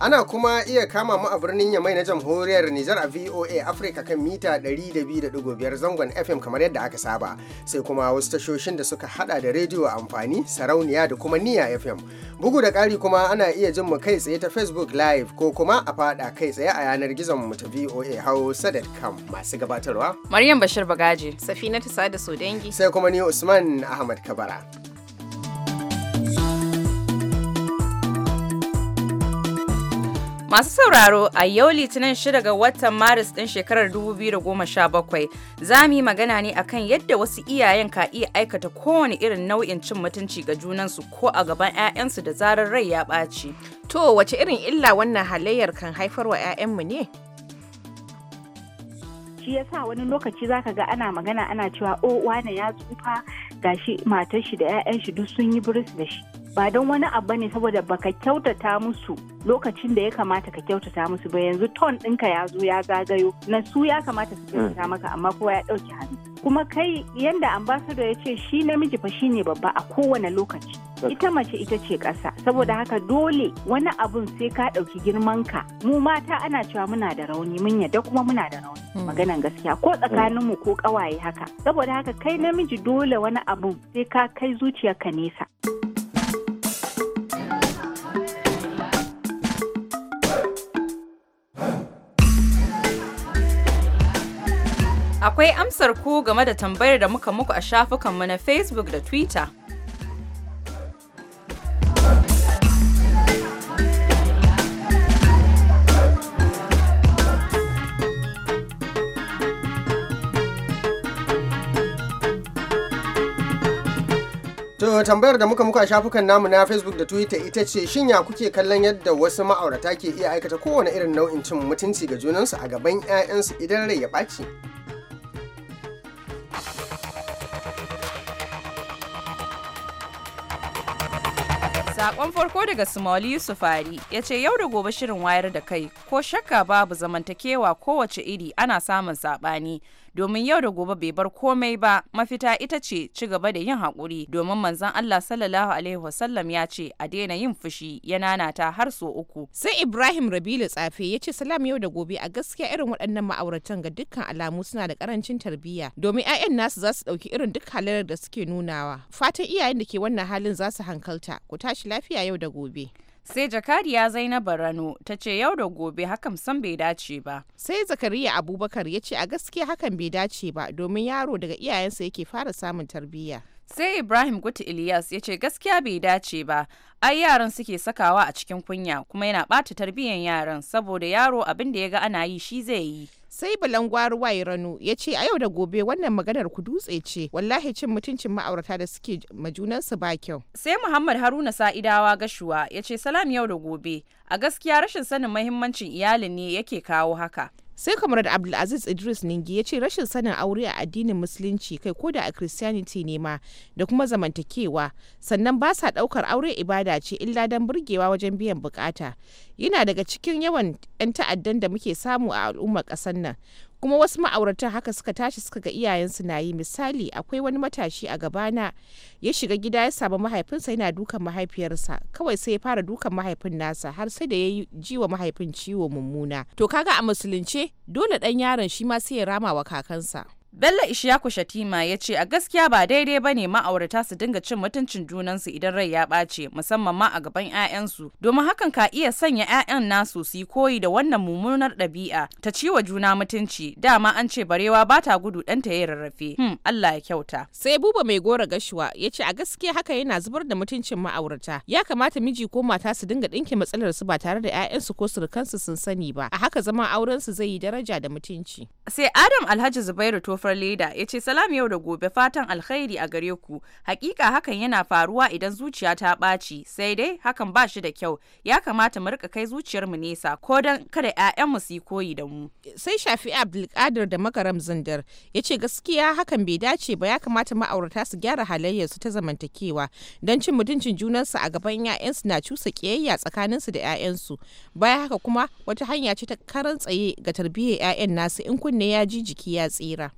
Ana kuma iya kama mu a birnin Yamai na jamhuriyar Nijar a VOA Africa kan mita 102.5 zangon FM kamar yadda aka saba. Sai kuma wasu tashoshin da suka hada da rediyo amfani, sarauniya da kuma niya FM. Bugu da ƙari kuma ana iya jin mu kai tsaye ta Facebook Live ko kuma a fada kai tsaye a yanar gizon mu ta VOA Hausa.com masu gabatarwa. Maryam Bashir Bagaji, Safina Tusa da Sodengi. Sai kuma ni Usman Ahmad Kabara. Masu sauraro a yau litinin shida ga watan Maris ɗin shekarar 2017 za mu yi magana ne akan yadda wasu iyayen ka iya aikata kowane irin nau'in cin mutunci ga junansu ko a gaban 'ya'yansu da zarar rai ya ɓaci. To wace irin illa wannan halayyar kan haifar wa 'ya'yanmu ne? Shi yasa wani lokaci zaka ga ana magana ana cewa o oh, wane ya tsufa gashi matar shi da 'ya'yan shi duk sun yi buris da shi. ba don wani abu ne saboda baka kyautata musu lokacin da ya kamata ka kyautata musu ba yanzu ton ɗinka ya zo ya zagayo na su ya kamata su kyautata maka amma kowa ya ɗauki hannu kuma kai yanda ambassador ya ce shi namiji fa shi ne babba a kowane lokaci ita mace ita ce ƙasa saboda haka dole wani abun sai ka ɗauki ka. mu mata ana cewa muna da rauni mun yadda kuma muna da rauni hmm. maganan gaskiya ko tsakanin mu ko ƙawaye haka saboda haka kai namiji dole wani abun sai ka kai zuciyarka nesa. Akwai amsar ku game da tambayar da muka muku a shafukanmu na Facebook da Twitter. To tambayar da muka muku a shafukan namu na Facebook da Twitter ita ce shinya kuke kallon yadda wasu ma'aurata ke iya aikata kowane irin nau'in cin mutunci ga junansu a gaban 'ya'yansu idan rai ya ɓaci? Sakon farko daga Sumali Sufari ya ce yau da gobe shirin wayar da kai ko shakka babu zamantakewa kowace iri ana samun saɓani domin yau da gobe bai bar komai ba mafita ita ce ci gaba da yin haƙuri domin manzon Allah sallallahu alaihi wasallam ya ce a daina yin fushi ya nanata har so uku. Sai Ibrahim Rabilu tsafe ya ce salam yau da gobe a gaskiya irin waɗannan ma'auratan ga dukkan alamu suna da karancin tarbiyya domin 'ya'yan nasu za su ɗauki irin duk halalar da suke nunawa. Fatan iyayen da ke wannan halin za su hankalta ku tashi lafiya yau da gobe. sai ya zainab rano ta ce yau da gobe hakan san bai dace ba sai zakariya abubakar ya ce a gaskiya hakan bai dace ba domin yaro daga iyayensa yake fara samun tarbiyya sai ibrahim gutu ilyas ya ce gaskiya bai dace ba ai yaran suke sakawa a cikin kunya kuma yana ɓata tarbiyyar yaran saboda yaro abin da ya ga ana yi shi zai yi sai wai wairano ya ce a yau da gobe wannan maganar ku dutse ce wallahi cin mutuncin ma'aurata da suke majunansu ba kyau sai muhammad haruna sa'idawa gashuwa ya ce salam yau da gobe a gaskiya rashin sanin mahimmancin iyalin ne yake kawo haka sai kamar da abdulaziz idris ningi ya ce rashin sanin aure a addinin musulunci kai ko da a christianity ne ma da kuma zamantakewa sannan ba sa daukar aure ibada ce illa don burgewa wajen biyan bukata yana daga cikin yawan 'yan ta'addan da muke samu a al'ummar kasar nan kuma wasu ma'auratan haka suka tashi suka ga iyayensu na yi misali akwai wani matashi a gabana ya shiga gida ya samu mahaifinsa yana dukan mahaifiyarsa kawai sai ya fara dukan mahaifin nasa har sai da ya ji wa mahaifin ciwo mummuna to kaga a musulunce dole dan yaron shi ma sai ya rama wa kakansa Bello Ishaku Shatima ya ce a gaskiya ba daidai ba ne ma'aurata su dinga cin mutuncin junansu idan rai ya ɓace musamman ma a gaban 'ya'yansu domin hakan ka iya sanya 'ya'yan nasu su yi koyi da wannan mummunar ɗabi'a ta ciwa juna mutunci dama an ce barewa ba ta gudu ɗanta ya rarrafe hmm, Allah ya kyauta. Sai buba mai gora gashuwa ya ce a gaskiya haka yana zubar da mutuncin ma'aurata ya kamata miji ko mata su dinga ɗinke matsalar su ba tare da 'ya'yansu ko surukansu sun sani ba a haka zama aurensu zai yi daraja da mutunci. Sai Adam Alhaji Zubairu Tofa manufar leda ya ce salam yau da gobe fatan alkhairi a gare ku hakika hakan yana faruwa idan zuciya ta ɓaci sai dai hakan ba shi da kyau ya kamata mu rika kai zuciyar mu nesa ko dan kada mu su yi koyi da mu sai shafi abdulkadir da makaram zindar ya ce gaskiya hakan bai dace ba ya kamata ma'aurata su gyara halayyarsu ta zamantakewa dan cin mutuncin junansu a gaban 'ya'yansu na cusa kiyayya tsakaninsu da 'ya'yansu bayan haka kuma wata hanya ce ta karan tsaye ga tarbiyyar 'ya'yan nasu in kunne ya ji jiki ya tsira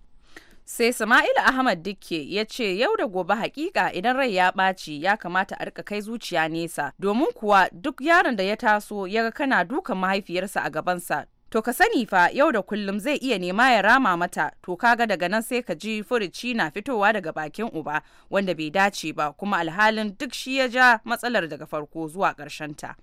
sai Sama'il Ahmad Dikke ya ce yau da gobe hakika idan rai ya ɓaci ya kamata a rika kai zuciya nesa domin kuwa duk yaron da ya taso ya ga kana dukan mahaifiyarsa a gabansa to ka sani fa yau da kullum zai iya nema ya rama mata to kaga daga nan sai ka ji furici na fitowa daga bakin uba wanda bai dace ba kuma alhalin duk shi ya ja matsalar daga farko zuwa ƙarshenta. ta.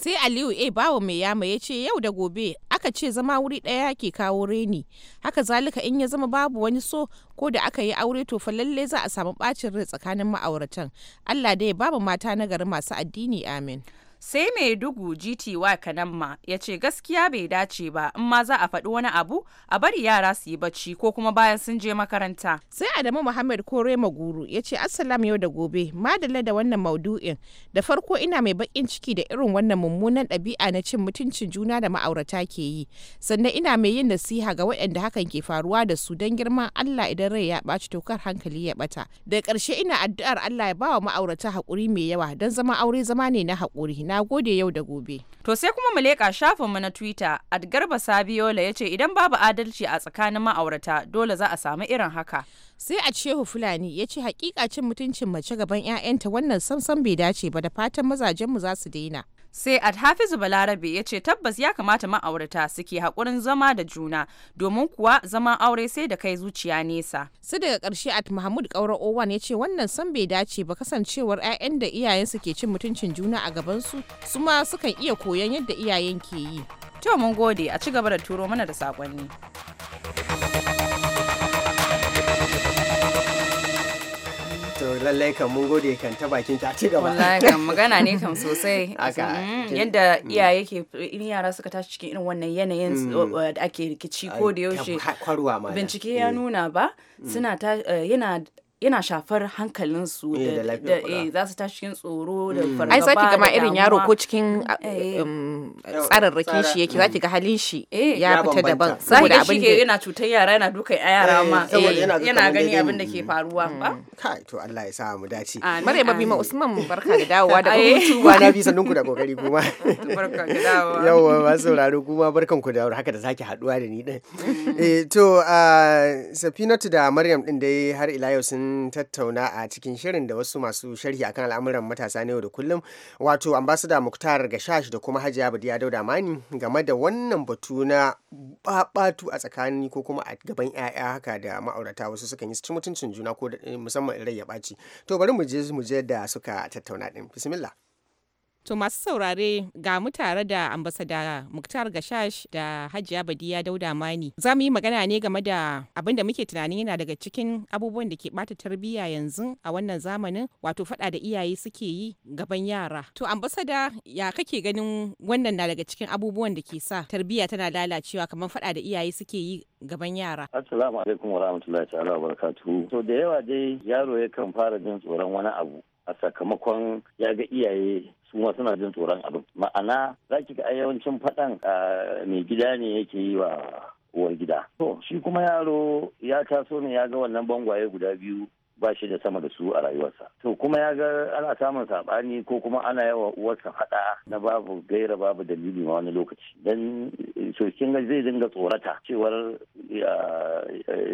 sai aliyu a bawa mai yama ya ce yau da gobe aka ce zama wuri ɗaya ke kawo reni haka zalika in ya zama babu wani so ko da aka yi aure to lalle za a samu ɓacin rai tsakanin ma'auratan allah da ya babu mata na gari masu addini amin sai mai dugu gty kanamma ya ce gaskiya bai dace ba in ma za a faɗi wani abu a bari yara su yi bacci ko kuma bayan sun je makaranta sai adamu muhammad kore maguru ya ce assalam yau da gobe madalla da wannan maudu'in da farko ina mai baƙin ciki da irin wannan mummunan ɗabi'a na cin mutuncin juna da ma'aurata ke yi sannan ina mai yin nasiha ga waɗanda hakan ke faruwa da su don girman allah idan rai ya ɓaci tokar hankali ya ɓata da ƙarshe ina addu'ar allah ya ba wa ma'aurata haƙuri mai yawa don zama aure zama ne na haƙuri Na gode yau da gobe. To sai kuma mu leƙa shafinmu na Twitter, at Garba Sabiola ya ce idan babu adalci a tsakanin ma'aurata dole za a samu irin haka. Sai a Shehu Fulani ya ce hakika cin mutuncin mace gaban 'ya'yanta wannan samsam bai dace ba da fatan mazajenmu za su daina. sai Adhafizu Balarabe ya ce tabbas ya kamata ma'aurata suke haƙurin zama da juna domin kuwa zama aure sai da kai zuciya nesa. su daga ƙarshe at Mahmud Kaura Owan ya ce wannan san bai dace ba kasancewar 'ya'yan da iyayensu ke cin mutuncin juna a gabansu su ma sukan iya koyon yadda iyayen ke yi. To mun gode a ci gaba da turo mana da saƙonni. to lallai kan mun gode kan ta bakin ta ci gaba wallahi kan magana ne kan sosai mm, yadda mm. iyaye ke in yara suka tashi cikin irin wannan yanayin mm. da ake rikici ko da yaushe bincike ya eh. nuna ba suna eh, yana yana shafar hankalinsu eh, da eh, za su tashi cikin tsoro da mm. fargaba ai zaki ga ma irin yaro ko cikin eh. tsararrakin shi yake zaki ga halin shi ya fita daban saboda shi ke yana cutar yara yana dukan yara ma yana gani abin da ke mm. faruwa ba mm. kai to Allah ya sa mu dace mabi ma Usman barka da dawowa da hutu na bi sannun ku da kokari kuma barka da dawowa yawa ba sauraro kuma barkan ku da haka da zaki haduwa da ni din eh to ah, Safinatu da Maryam din dai har ila yau sun an tattauna a cikin shirin da wasu masu sharhi akan al'amuran matasa na yau da kullum wato ambasada muktar gashash da kuma hajiya badiya dauda mani game da wannan batu na babatu a tsakani ko kuma a gaban 'ya'ya haka da ma'aurata wasu sukan yi mutuncin juna ko eh, musamman rai ya ɓaci to bari mu je mu je da suka tattauna din bismillah To masu saurare ga mu tare da ambasada Muktar Gashash da Hajiya Badiya Dauda Mani. Za mu yi magana ne game da abin da muke tunanin yana daga cikin abubuwan da ke bata tarbiyya yanzu a wannan zamanin wato fada da iyaye suke yi gaban yara. To ambasada ya kake ganin wannan na daga cikin abubuwan da ke sa tarbiyya tana lalacewa kamar fada da iyaye suke yi gaban yara. Assalamu alaikum wa rahmatullahi ta'ala wa barakatuhu. To da yawa dai yaro yakan fara jin tsoron wani abu a sakamakon ya ga iyaye su ma suna jin tsoron abin ma'ana za ki ga yawancin faɗan mai gida ne yake yi wa uwar gida to shi kuma yaro ya taso ne ya ga wannan bangwaye guda biyu ba shi da sama da su a rayuwarsa to kuma ya ga ana samun saɓani ko kuma ana yawa uwarsa faɗa na babu gaira babu dalili ma wani lokaci dan so kin ga zai dinga tsorata cewar ya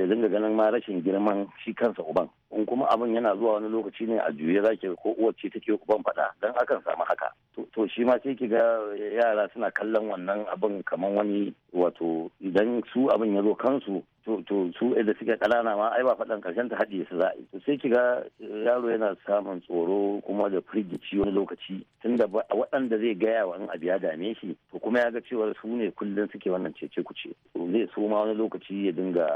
dinga ganin ma rashin girman shi kansa uban in kuma abin yana zuwa wani lokaci ne a juye zaki ko uwar ce take uban faɗa dan akan samu haka to shi ma sai ki ga yara suna kallon wannan abin kamar wani wato idan su abin ya zo kansu to su da suke kanana ma ai ba faɗan karshen ta haɗe su za'a to sai kiga eh, yaro yana samun tsoro kuma da firgici wani lokaci tunda waɗanda zai gaya wa in a ya dame shi to kuma ya ga cewa su ne kullum suke wannan cece ce. to zai so ma wani lokaci ya dinga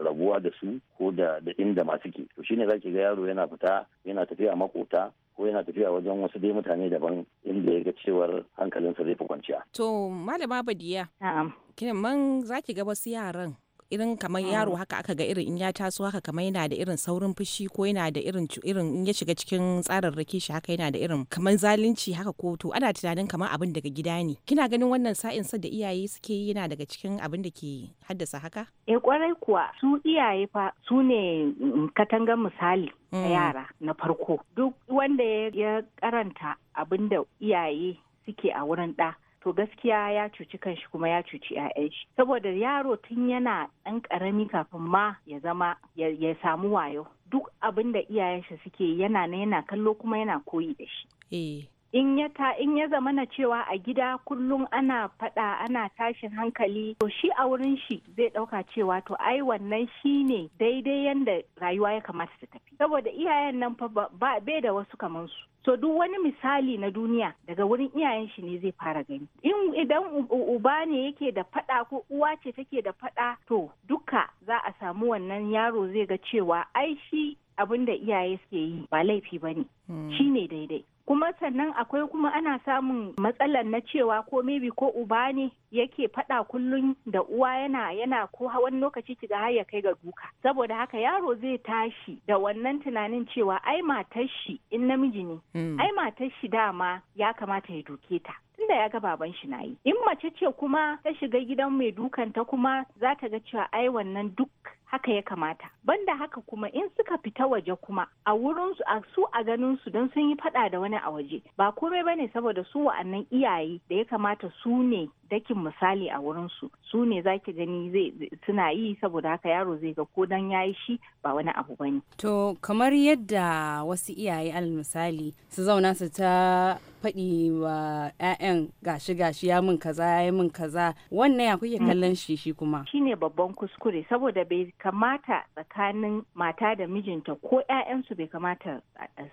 rabuwa da su ko da da inda ma suke to shine za ki ga yaro yana fita yana tafiya makota ko yana tafiya wajen wasu dai mutane daban inda ya ga cewar hankalinsa zai fi kwanciya. To malama Badiya. Na'am. Kin man zaki ga wasu yaran irin kamar yaro haka aka ga irin in ya taso haka kamar yana da irin saurin fushi ko yana da irin irin in ya shiga cikin tsararraki shi haka yana da irin kamar zalunci haka ko to ana tunanin kamar abin daga gida ne kina ganin wannan sa'in sa da iyaye suke yi yana daga cikin abin da ke haddasa haka eh kwarai kuwa su iyaye fa su ne mm, katangan misali a mm. yara na farko duk wanda ya karanta abin da iyaye suke a wurin ɗa to gaskiya ya cuci kanshi kuma ya cuci 'ya'yan shi saboda yaro tun yana ɗan ƙarami kafin ma ya zama ya samu wayo duk abin da iyayen shi suke yana na yana kallo kuma yana koyi da shi eh. in ya ta in ya zama na cewa a gida kullum ana fada ana tashin hankali to shi a wurin shi zai dauka cewa to ai wannan shi ne daidai yanda rayuwa ya kamata ta tafi saboda iyayen nan fa ba bai da wasu kaman su so duk wani misali na duniya daga wurin iyayen shi ne zai fara gani in idan uba ne yake da fada ko uwa ce take da fada to duka za a samu wannan yaro zai ga cewa ai shi abin da iyaye suke yi ba laifi bane. Hmm. shi ne daidai kuma sannan akwai kuma ana samun matsalar na cewa ko maybe ko uba ne yake faɗa kullum da uwa yana yana ko hawan lokaci ga har ya kai ga duka saboda haka yaro zai tashi da wannan tunanin cewa ai matar shi in namiji ne hmm. ai matar shi dama ya kamata ya duke ta tunda ya ga baban shi nayi in mace ce kuma ta shiga gidan mai dukan ta kuma za ta ga cewa ai wannan duk haka ya kamata banda haka kuma in suka fita waje kuma a wurin su a su a ganin su don sun yi fada da wani a waje ba komai bane saboda su wa'annan iyaye da ya kamata su ne dakin misali a wurin su su ne zaki gani zai suna yi saboda haka yaro zai ga ko dan yayi shi ba wani abu bane to kamar yadda wasu iyaye al misali su zauna su ta fadi wa 'ya'yan gashi gashi ya min kaza ya min kaza wannan ya kuke mm. kallon shi shi kuma shine babban kuskure saboda bai kamata tsakanin mata da mijinta ko 'ya'yansu bai kamata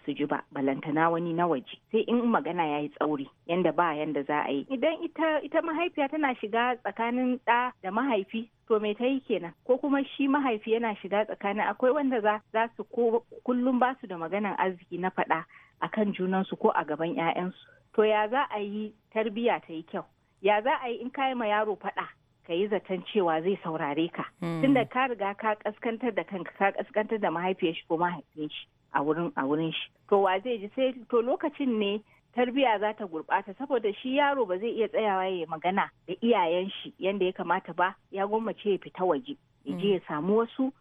su ji ba balantana wani na waje sai in magana ya yi tsauri yanda ba yanda za a yi idan ita mahaifiya tana shiga tsakanin ɗa da mahaifi to mai ta yi kenan ko kuma shi mahaifi yana shiga tsakanin akwai wanda za, za su ko kullum ba su da maganan arziki na faɗa a kan junansu ko a gaban 'ya'yansu to ya za a yi tarbiyya ta yi kyau ya za a yi in kayi ma yaro faɗa ka yi zaton cewa zai saurare ka hmm. tunda ka riga ka kaskantar da kanka ka kaskantar da mahaifiyar shi ko mahaifiyar shi a wurin a wurin shi to wa zai ji sai to lokacin ne tarbiya za ta gurɓata saboda shi yaro ba zai iya tsayawa ya magana da iyayen shi yanda ya kamata ba ya gwammace ya fita waje ya je ya hmm. samu wasu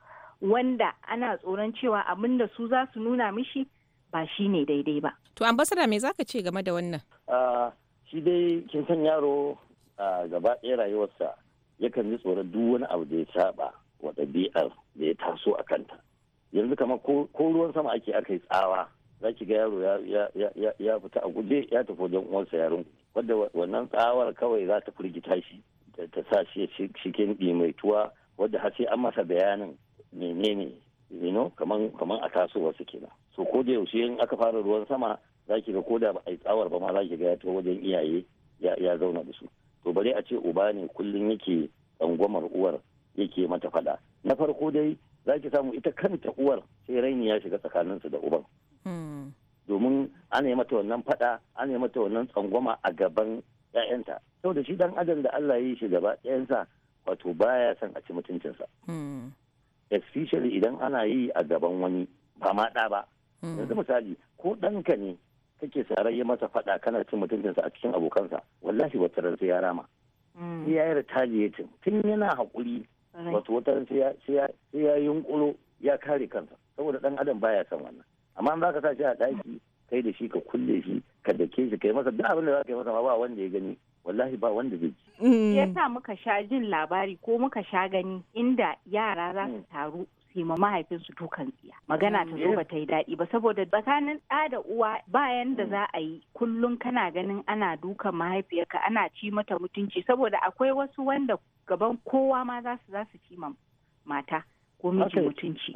wanda ana tsoron cewa abin da su za su nuna mishi ba shi ne daidai ba. To ambasada me zaka ce game da wannan? Ah, shi dai kin san yaro ah, gaba ɗaya rayuwarsa yakan ji tsoron duk wani abu da ya saba wa ɗabi'ar da ya taso a kanta yanzu kamar ko ruwan sama ake aka yi tsawa za ki ga yaro ya fita a guje ya tafi wajen uwansa yaron wadda wannan tsawar kawai za ta firgita shi ta sa shi cikin ɗimaituwa wadda har sai an masa bayanin menene you kaman kaman a taso wasu kenan so ko da yaushe in aka fara ruwan sama za ki ga ko da ba a yi tsawar ba ma za ki ga ya tafi wajen iyaye ya zauna da su to bari a ce uba ne kullum yake tsangwamar uwar yake mata fada na farko dai za ki samu ita kanta uwar sai raini ya shiga tsakaninsu da uban hmm. domin ana yi mata wannan fada ana yi mata wannan tsangwama a gaban 'ya'yanta da shi dan adam da Allah ya yi shi gaba ɗayansa wato baya son a ci mutuncinsa hmm. especially idan ana yi a gaban wani ba ma ɗa ba hmm. yanzu misali ko ɗanka ne kake sarayya masa faɗa kana cin mutuncinsa a cikin abokansa wallahi wata ran sai ya rama mm. sai ya yi retaliating tun yana hakuri wato wata ran sai ya yunƙuro ya kare kansa saboda ɗan adam baya son wannan amma in zaka sa shi a ɗaki kai da shi ka kulle shi ka dake shi kai masa duk abin da za ka yi masa ba wanda ya gani wallahi ba wanda zai ji. Mm. Ya sa muka sha jin labari ko muka sha gani inda yara za su mm. taru su mahaifinsu dukan tsiya magana ta zo mm, ba ta yi daɗi ba saboda tsakanin ɗa da uwa bayan da mm. za a yi kullun kana ganin ana duka mahaifiyarka ana ci mata mutunci saboda akwai wasu wanda gaban kowa ma za su za su ci ma mata ko miji mutunci.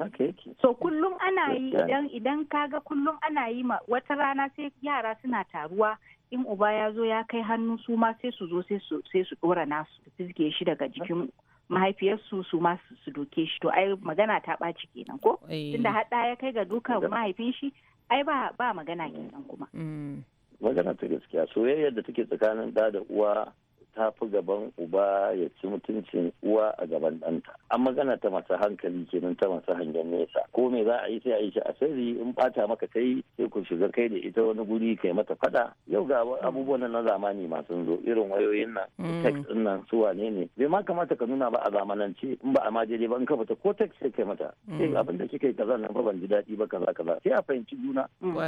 So kullum ana yi idan idan kaga kullun ana yi ma wata rana sai yara suna taruwa in uba ya zo ya kai hannu su ma sai su zo sai su dora nasu fizge shi daga jikin mahaifiyarsu su ma su doke shi to ai magana ta ɓaci kenan ko eh. tunda haɗa ya kai ga dukan mahaifin shi ai ba ba magana kenan kuma mm. magana ta gaskiya soyayyar da take tsakanin da da uwa ta fi gaban uba ya ci mutuncin uwa a gaban ɗanta an magana ta masu hankali kenan ta masu hangen nesa ko me za a yi sai a yi shi a sirri in bata maka kai sai ku shiga kai da ita wani guri kai mata fada yau ga abubuwan na zamani masu zo irin wayoyin nan mm. text din nan su wane ne bai ma kamata ka nuna ba a zamanance in ba a ma daidai ba in ka fita ko text sai kai mata mm. sai abin da kike kaza nan ba ban ji daɗi ba kaza kaza sai a fahimci juna mm.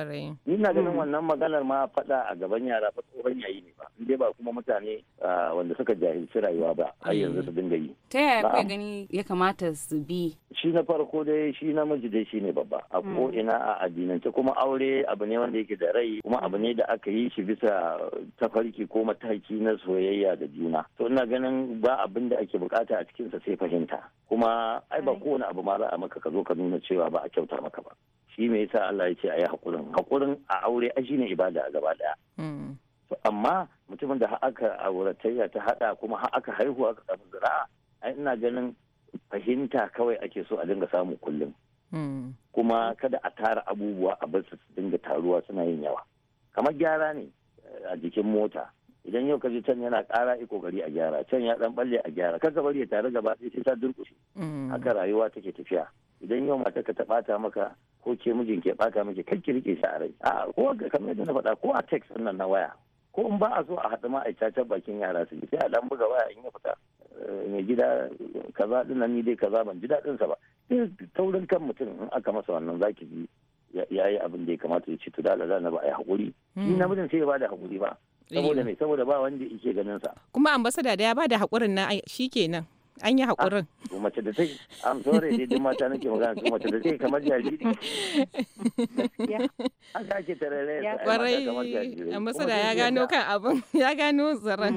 ni na ganin wannan maganar ma fada a gaban yara ba tsoron yayi ne ba in dai ba kuma mutane ah, wanda suka jahilci rayuwa ba har eh. yanzu su dinga yi ta yaya kai gani ya kamata su bi shi na farko dai shi namiji dai shi ne babba a hmm. ko ina a addinance kuma aure abu ne wanda yake da rai kuma abu ne da aka yi shi bisa tafarki ko mataki na soyayya da juna to ina ganin ba abin da ake bukata a cikinsa sai fahimta kuma ai ba kowane abu ma za maka ka zo ka nuna cewa ba a kyauta maka ba shi me yasa Allah ya ce a yi haƙurin haƙurin a aure a shine ibada a gaba ɗaya hmm. amma mutumin da aka auratayya ta hada kuma har aka haihu aka samu zira'a ai ina ganin fahimta kawai ake so a dinga samu kullum hmm. kuma kada a tara abubuwa a bar su dinga taruwa suna yin yawa kamar gyara ne eh, a jikin mota idan yau kaji can yana ƙara iko gari a gyara can ya dan balle a gyara kaga bari ya tare gaba sai ta durkushe hmm. haka rayuwa take tafiya idan yau mata ka ta maka ko ke mijin ke ɓata miki kai ki rike shi a rai a ko kamar yadda na faɗa ko a text nan na waya ko in ba a so a haɗu ma a cacar bakin yara su sai a dan buga waya in ya fita eh, mai gida kaza din ni dai kaza ban ji daɗin sa ba in taurin kan mutum in aka masa wannan zaki ji ya yi abin da ya kamata ya ci to da na ba a yi haƙuri ni mutum sai ya ba da haƙuri ba saboda me saboda ba wanda yake ganin sa kuma ambasada da ya ba da haƙurin na shi kenan an yi haƙurin ah, mace da take am sorry dai duk mata nake magana ko mace da take kamar jariri an ka ke tarare ya kwarai amma sada ya gano kan mm. abun eh, ya gano zaren.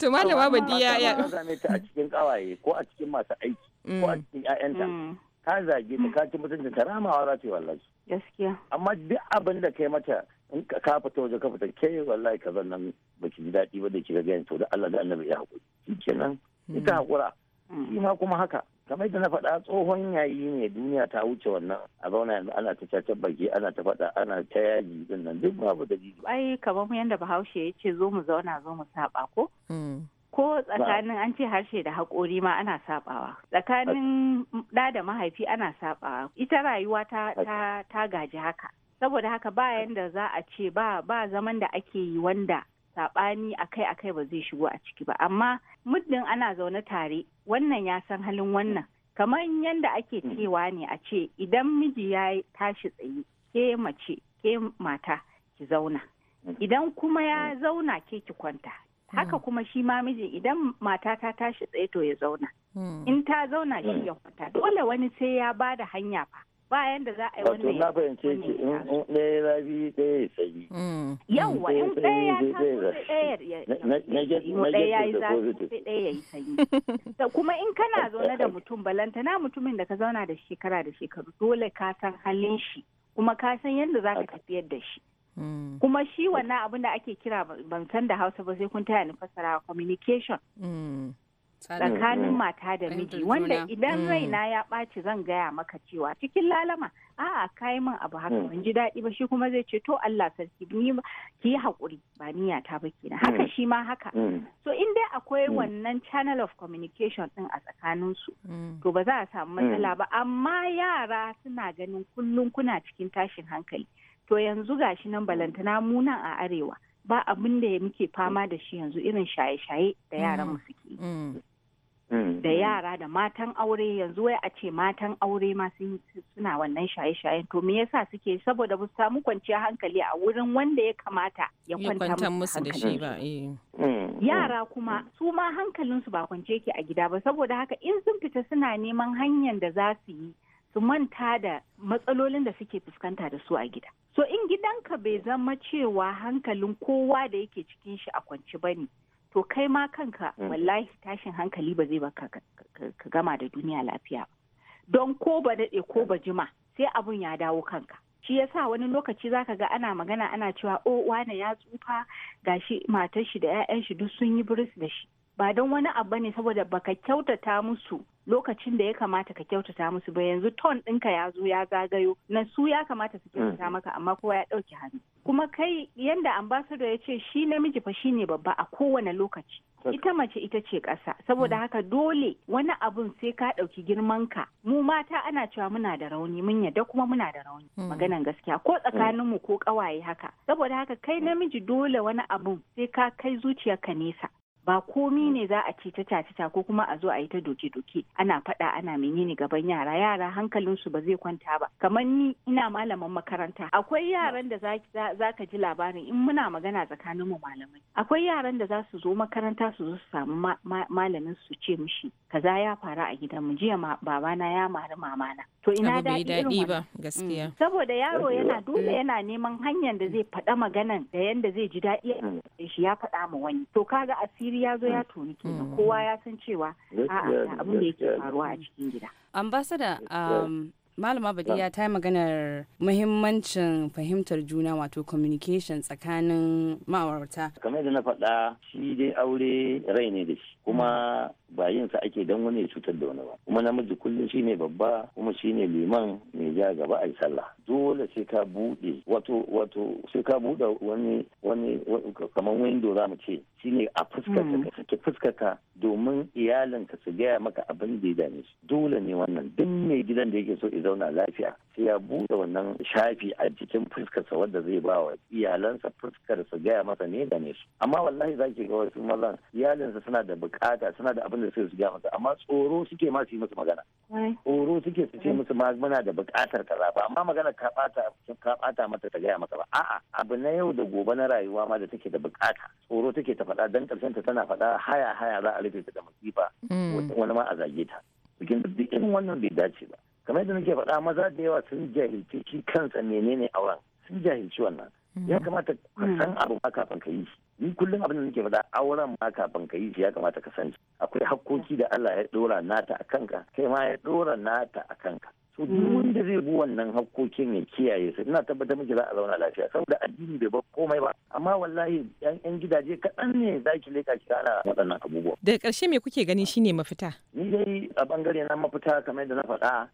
zaran da babu diya ya zame ta a cikin kawaye ko a cikin masu aiki ko a mm. cikin 'ya'yanta. Mm. ka zage ta ka ci mutunta ta ramawa za ta yi wallahi gaskiya amma duk abin da kai mata in ka ka fita waje ka fita ke wallahi ka zan nan baki ji daɗi ba da kika ga to da Allah da Annabi ya haƙuri kenan ita hmm. haƙura shi ma kuma haka kamar da na faɗa tsohon yayi ne duniya ta wuce wannan a zauna yanzu ana ta cacar baki ana ta faɗa ana ta yaji din nan duk babu dalili ai kamar yanda Bahaushe ya ce zo mu zauna zo mu saba ko hmm. ko tsakanin an ce harshe da haƙori ma ana sabawa tsakanin ɗa da mahaifi ana sabawa ita rayuwa ta, gaji haka saboda haka ba yanda za a ce ba ba zaman da ake yi wanda saɓani akai-akai ba zai shigo a ciki ba amma muddin ana zaune tare wannan ya san halin wannan kamar yanda ake mm. cewa ne a ce idan miji ya tashi tsaye ke mace ke mata ki zauna mm. idan kuma ya mm. zauna ke ki kwanta haka kuma shi ma miji idan mata ta tashi tsaye to ya zauna in ta zauna shi ya kwanta dole wani sai ya bada hanya fa ba yanda za a yi wannan na fahimce ki in ɗaya rabi ɗaya ya mm. in ɗaya ya taso ɗaya ya yi zafi ɗaya ya yi sanyi kuma in kana zaune da mutum balantana mutumin da ka zauna da shekara da shekaru dole ka san halin shi kuma ka san yadda za ka tafiyar da shi mm. kuma shi wannan abin da ake kira ban san da hausa ba sai kun taya ni fassara communication mm. tsakanin mm. mata da miji wanda idan mm. raina ya ɓaci zan gaya maka cewa cikin lalama a'a kai min abu haka mm. ban ji daɗi ba shi kuma zai ce to Allah sarki ni ki yi haƙuri ba niyya ta ba kenan haka shi ma haka so in dai akwai wannan channel of communication din a tsakanin su to ba za a samu matsala ba amma yara suna ganin kullum kuna cikin tashin hankali to yanzu gashi nan balantana mu nan a arewa ba abin da muke fama da shi yanzu irin shaye-shaye da yaran mu suke Mm. da yara da matan aure yanzu wai a ce matan aure ma suna wannan shaye-shayen to me yasa suke saboda ba su samu kwanciyar hankali a wurin wanda ya kamata ya kwanta musu da shi ba eh. mm. yara kuma su ma su ba kwance ke a gida ba saboda haka in sun fita suna neman hanyar da za su yi su manta da matsalolin da suke fuskanta da su a gida. So in gidanka bai zama cewa hankalin kowa da yake cikin shi a kwance ba ne, to kai ma kanka mm. wallahi tashin hankali ba zai ba ka gama da duniya lafiya ba. don ko ba daɗe ko ba jima sai abun ya dawo kanka shi yasa wani lokaci zaka ga ana magana ana cewa o oh, wane ya tsufa gashi matar shi da 'ya'yan shi duk sun yi biris da shi ba don wani abu ne saboda baka kyautata musu lokacin da ya kamata ka kyautata musu ba yanzu ton ɗinka ya zo ya zagayo na su ya kamata su kyautata mm. maka amma kowa ya ɗauki hannu kuma kai yanda ambassador ya ce shi namiji fa shi ne babba a kowane lokaci ita mace ita ce ƙasa saboda mm. haka dole wani abun sai ka ɗauki ka mu mata ana cewa muna da rauni mun yadda kuma muna da rauni mm. maganan gaskiya ko tsakanin mu ko ƙawaye haka saboda haka kai namiji dole wani abun sai ka kai zuciyarka nesa ba komi mm. ne za a ce ta ta ko kuma a zo a yi ta doke-doke ana faɗa ana menene gaban yara yara hankalinsu ba zai kwanta ba kamar ni ina malaman makaranta akwai yaran da za ka ji labarin in muna magana tsakanin mu malamai akwai yaran da za su zo makaranta su zo su samu malamin su ce mishi kaza ya faru a gidan mu jiya babana ya mari mamana to ina da daɗi ba gaskiya mm. saboda yaro yana mm. dole yana neman hanyar da zai faɗa maganan da yanda zai ji daɗi shi ya faɗa ma wani to kaga asiri asiri ya zo ya mm. toni kenan mm. kowa ya san cewa a'a abin da yake faruwa a cikin gida ambassador um, malama badiya ah. ta yi maganar muhimmancin fahimtar juna wato communication tsakanin ma'aurata kamar da na faɗa shi dai aure rai ne da shi kuma ba yin sa ake dan wani ya cutar da wani ba kuma namiji kullum shine babba kuma shine liman mai ja gaba a sallah dole sai ka bude wato wato sai ka bude wani wani kamar wani za mu ce shine a fuskar hmm. ka ka fuskar ka domin iyalin ka su gaya maka abin da ya dame su dole ne wannan duk mai gidan da yake so ya zauna lafiya sai ya bude wannan shafi a cikin fuskarsa wanda zai ba wa sa fuskar su gaya masa ne da ne amma wallahi zaki ga wasu mazan sa suna da bukata suna da abin da sai su masa amma tsoro suke ma su yi musu magana tsoro suke su ce musu ma muna da bukatar kaza ba amma magana ka bata mata ta gaya maka ba a'a abu na yau da gobe na rayuwa ma da take da bukata tsoro take ta faɗa dan karshen ta tana faɗa haya haya za a rufe ta da masifa hmm. wani ma a zage ta bikin duk irin wannan bai dace ba kamar yadda nake faɗa maza da yawa sun jahilci shi kansa menene auren sun jahilci wannan ya hmm. kamata ka hmm. san abu ma kafin ka yi shi ni kullum abin da nake faɗa auren ma kafin ka yi shi ya kamata ka san akwai hakkoki da Allah ya dora nata a kanka kai ma ya dora nata a kanka so duk mm. wanda zai bi wannan hakkokin ya kiyaye su ina tabbatar miki za a zauna lafiya saboda addini bai bar komai ba amma wallahi yan gidaje kaɗan ne za ki leka ki ana waɗannan abubuwa daga ƙarshe me kuke gani shine mafita ni dai a bangare na mafita kamar da na faɗa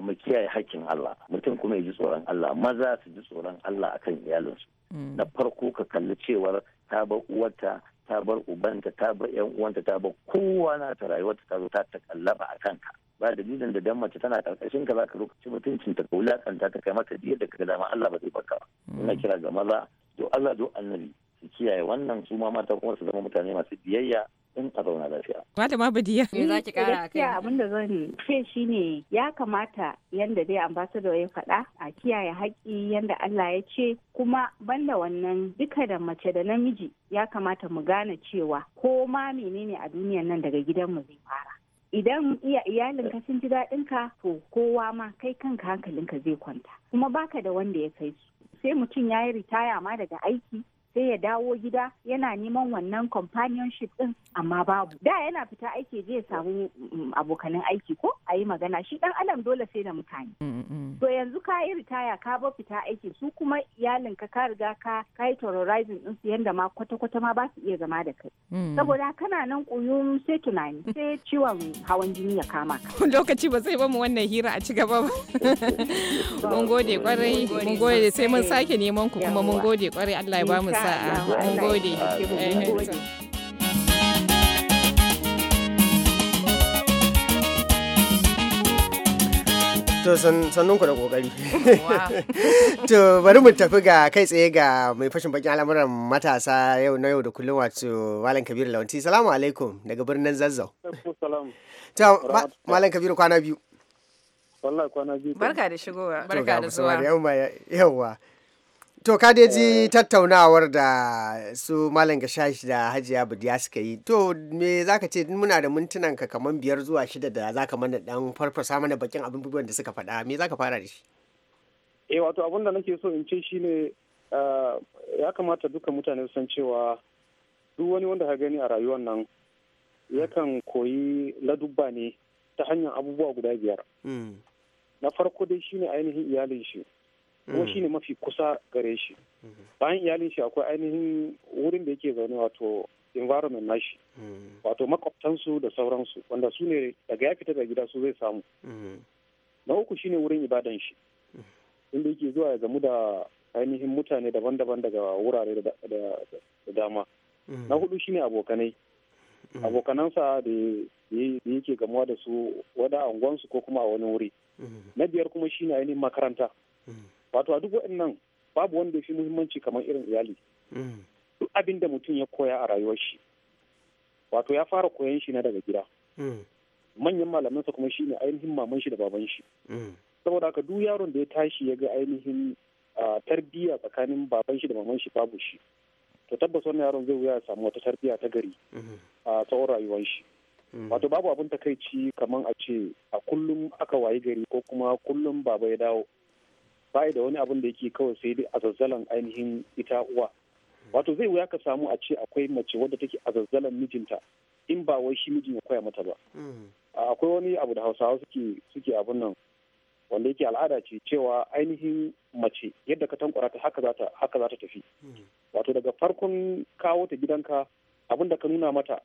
mu kiyaye hakkin Allah mutum kuma ya ji tsoron Allah maza su ji tsoron Allah akan iyalinsu mm. na farko ka kalli cewar ta bar uwarta ta bar ubanta ta bar yan uwanta ta bar kowa na ta rayuwarta ta zo ta takallaba a kanka ba dalilin da dan mace tana karkashin ka zaka lokaci mutuncin ta wulakanta ta kai mata biyar da kaga dama Allah ba zai baka hmm. ina kira ga maza do Allah do annabi su kiyaye wannan su ma mata kuma su zama mutane masu biyayya in a na lafiya. ba Badiya. Me za ki kara kai? abin da zan ce shi ne ya kamata yanda dai ambassador ya faɗa a kiyaye haƙƙi yanda Allah ya ce kuma banda wannan duka da mace da namiji ya kamata mu gane cewa ko ma menene a duniyan nan daga gidan mu zai fara. idan iya ka sun ji daɗin ka to kowa ma kai kanka hankalinka zai kwanta kuma baka da wanda ya kai su sai mutum ya yi ritaya ma daga aiki sai ya dawo gida yana neman wannan companionship din amma babu da yana fita aiki je ya samu mm, abokanin aiki ko a yi magana shi dan adam dole sai da mutane mm, mm, to yanzu ka yi ritaya ka ba fita aiki su kuma iyalin ka ka riga ka ka yi terrorizing din su yanda ma kwata kwata ma ba su iya zama da kai saboda kana nan kuyum sai tunani sai ciwon hawan jini ya kama ka lokaci ba zai ba wannan hira a ci gaba ba mun gode kwarai mun gode sai mun sake neman ku kuma mun gode kwarai Allah ya ba mu sa'a eh, mun gode To san ku da kokari. To bari mu tafi ga kai tsaye ga mai fashin bakin al'amuran matasa yau na yau da kullum wato Malam Kabiru Lawanti. Salamu alaikum daga birnin Zazzau. To Malam Kabiru kwana biyu. Wallahi kwana biyu. Barka da shigowa. Barka da zuwa. Yawwa. To ka dai ji eh. tattaunawar da su Malam Gashashi da Hajiya Budiya suka yi. To me zaka ce muna da mintunan ka kaman biyar zuwa shida da zaka mana dan farfasa mana bakin abin abubuwan da suka faɗa. Me zaka fara da shi? Eh wato abin da nake so in ce shine eh, ya kamata duka mutane su san cewa duk wani wanda ka gani a rayuwar nan yakan koyi ladubba ne ta hanyar abubuwa guda biyar. Hmm. Na farko dai shine ainihin iyalin shi. kuma mm. ne mafi kusa gare shi mm-hmm. bayan iyalin shi akwai ainihin wurin da yake zaune wato environment nashi mm. wato makwabtansu da sauransu wanda su ne daga ya fita da gida su zai samu mm. na uku shine wurin ibadan shi inda yake zuwa ya zamu da ainihin mutane daban-daban daga wurare da dama na hudu shine abokanai abokanansa da yake gamuwa da su wada anguwansu ko kuma a wani wuri na biyar kuma shine ainihin makaranta wato a duk waɗannan babu wanda ya fi muhimmanci kamar irin iyali mm. duk abin da mutum ya koya a rayuwar shi wato ya fara koyan shi na daga gida mm. manyan malamansa kuma shi ne ainihin maman shi da baban shi mm. saboda haka duk yaron da ya tashi ya ga ainihin tarbiyya tsakanin baban shi da maman shi babu shi to tabbas wannan yaron zai wuya ya samu wata tarbiyya ta gari a tsawon rayuwar shi wato babu abin takaici kamar a ce a kullum aka wayi gari ko kuma kullum baba ya dawo bai da wani abin da yake kawai sai dai azazzalan ainihin ita uwa wato zai wuya ka samu a ce akwai mace wadda take azazzalan mijinta in ba wai shi mijin ya koya mata ba hmm. akwai wani abu da hausawa suke suke abun nan wanda yake al'ada ce cewa ainihin mace yadda ka tankwara ta haka za ta haka za ta tafi hmm. wato daga farkon kawo ta gidanka abin da ka nuna mata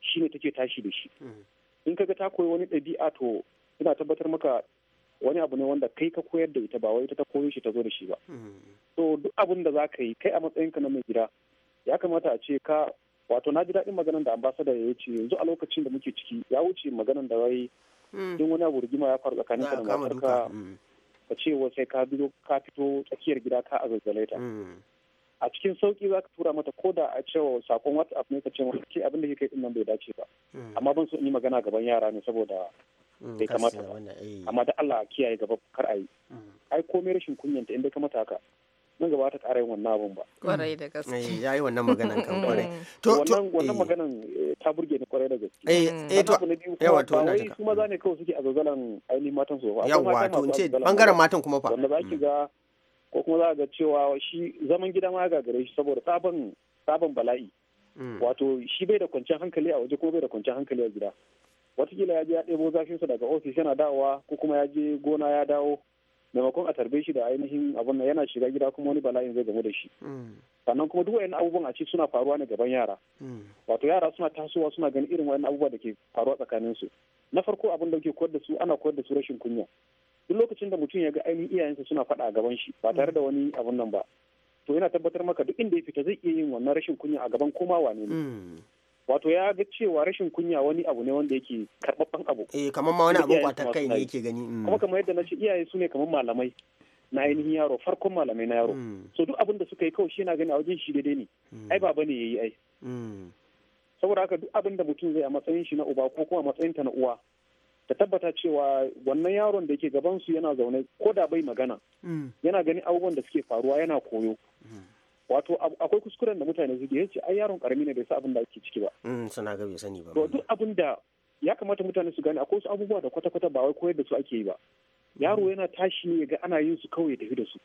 shine take tashi da shi hmm. in kaga ta koyi wani ɗabi'a to ina tabbatar maka wani abu ne wanda kai ka koyar da ita ba wai ita ta koyo shi ta zo da shi ba so duk abin da zaka yi kai a ka na mai gida ya kamata a ce ka wato na ji daɗin maganan da ambasada ya ce yanzu a lokacin da muke ciki ya wuce maganan da wai in hmm. wani abu rigima ya faru tsakanin ka da matarka hmm. ka ce sai ka ka fito tsakiyar gida ka a ta hmm. a cikin sauki za ka tura mata koda a cewa sakon whatsapp ne ka ce ke abin da kike din nan bai dace ba hmm. amma ban so in yi magana gaban yara ne saboda hmm, bai kamata ba eh. amma da Allah a kiyaye gaba kar a yi hmm. ai komai rashin ta in bai kamata haka nan gaba ta ƙara yin wannan abun ba. Kwarai da gaske. Eh, ya yi wannan maganan kan kwarai. To to wannan eh. maganan ta burge ni kwarai da gaske. Eh eh to yawa wato ina ta Kuma zane kawai suke a zazzalan ainihin matan su ba. Yawa to in ce bangaren matan kuma fa. Wanda ba ki ga ko kuma za ga cewa shi zaman gida ma ga gare shi saboda sabon sabon bala'i hmm. wato shi bai da kwanciyar hankali a waje kuma bai da kwanciyar hankali a gida watakila ya je ya ɗebo zafinsa daga ofis yana dawowa ko kuma ya je gona ya dawo maimakon a tarbe shi da ainihin abun nan yana shiga gida kuma wani bala'in zai gamu da shi hmm. sannan kuma duk wayannan abubuwan a ci suna faruwa ne gaban yara hmm. wato yara suna tasowa suna ganin irin wayannan abubuwa da ke faruwa tsakanin su na farko abin da ke koyar da su ana koyar da su rashin kunya duk lokacin da mutum ya ga ainihin iyayensa suna faɗa a gaban shi ba tare da wani abun nan ba to yana tabbatar maka duk inda ya fita zai iya yin wannan rashin kunya a gaban koma wane ne hmm. wato ya ga cewa rashin kunya wani abu ne wanda yake karɓaɓɓen abu eh kamar ma wani abu kwata kai ne yake gani hmm. kuma kamar yadda na ce iyaye su ne kamar malamai na ainihin yaro farkon malamai na yaro hmm. so duk abin da suka yi kawai shi yana gani a wajen shi daidai ne ai baba ne yayi ai saboda haka duk abin da mutum zai a matsayin shi na uba ko kuma a matsayin ta na uwa ta tabbata cewa wannan yaron da yake su yana zaune ko da bai magana mm. yana gani abubuwan da suke faruwa yana koyo mm. wato akwai kuskuren da mutane suke ya ce ai yaron karami ne bai sa abin da ake ciki ba mm, Suna ga bai sani ba to duk abin da ya kamata mutane su gane akwai su abubuwa da kwata-kwata ba wai koyar da su ake yi ba yaro yana tashi ne ga ana yin su kawai tafi da su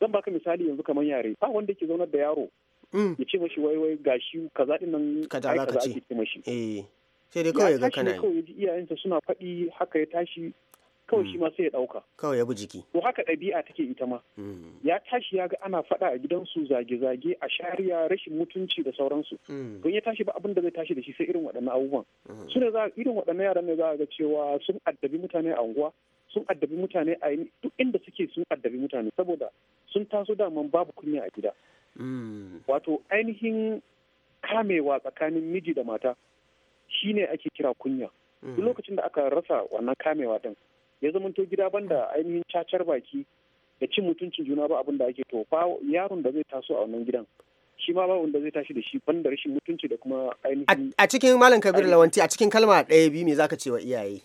zan baka misali yanzu kamar yare ba wanda ke zaunar da yaro ya ce mashi wai wai gashi kaza dinnan kaza ake ce mashi eh. sai dai kawai ga kana kawai ji iyayensa suna faɗi haka ya tashi kawai shi mm. ma sai ya ɗauka kawai ya bi jiki to haka ɗabi'a take ita ma mm. ya tashi ya ga ana faɗa a gidansu zage-zage a shariya rashin mutunci da sauransu mm. don ya tashi ba abin da zai tashi da shi sai irin waɗannan abubuwan su ne za irin waɗannan yaran ne za ga cewa sun addabi mutane a unguwa sun addabi mutane a duk inda suke sun addabi mutane saboda sun taso daman babu kunya a gida wato ainihin kamewa tsakanin miji da mata shi ne ake kira kunya duk mm-hmm. lokacin da aka rasa wannan kamewa din ya zamanto gida banda ainihin cacar baki da cin mutuncin juna ba abin da ake to fa yaron da zai taso a wannan gidan shi ma babu da zai tashi da shi banda rashin mutunci da kuma ainihin a cikin malam kabir lawanti a cikin kalma ɗaya biyu me zaka ce wa iyaye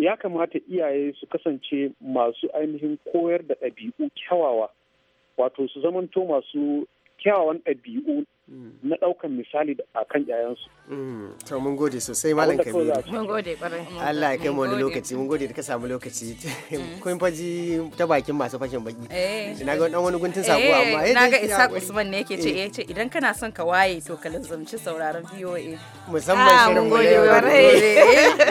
ya kamata iyaye su kasance masu ainihin koyar da ɗabi'u kyawawa wato su zamanto masu kyawawan ɗabi'u Mm. na ɗaukan misali a kan 'ya'yansu. Mm. to mun gode sosai malam kabiru mun gode kwarai Allah ya kai mu wani lokaci mun gode da ka samu lokaci mm. kun faji ta bakin masu fashin baki na ga dan wani guntun sako amma eh na ga eh, Isa Usman ne yake ce eh, eh ce idan kana son ka waye to ka lazumci sauraron VOA musamman ah, shirin kwarai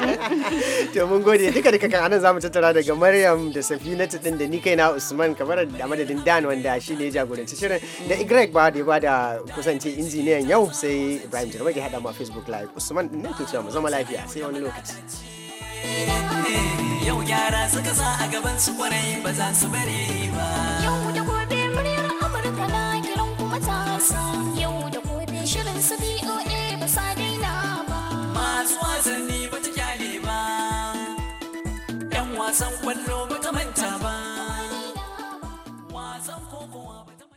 to mun gode duka duka kan anan zamu tattara daga Maryam da ta din da ni kaina Usman kamar da madadin Dan wanda shine ne jagoranci shirin da Igrek ba da ba da kusanci ce injiniyan yau sai Ibrahim Jarmage haɗa ma Facebook Live Usman din ke cewa mu zama lafiya sai wani lokaci. Yau gyara suka sa a gaban su kwarai ba za su bari ba. Yau da gobe muryar Amurka na kiran kuma ta Yau da gobe shirin su BOA ba sa daina ba. Masu wasanni ba ta kyale ba. 'Yan wasan kwallo ba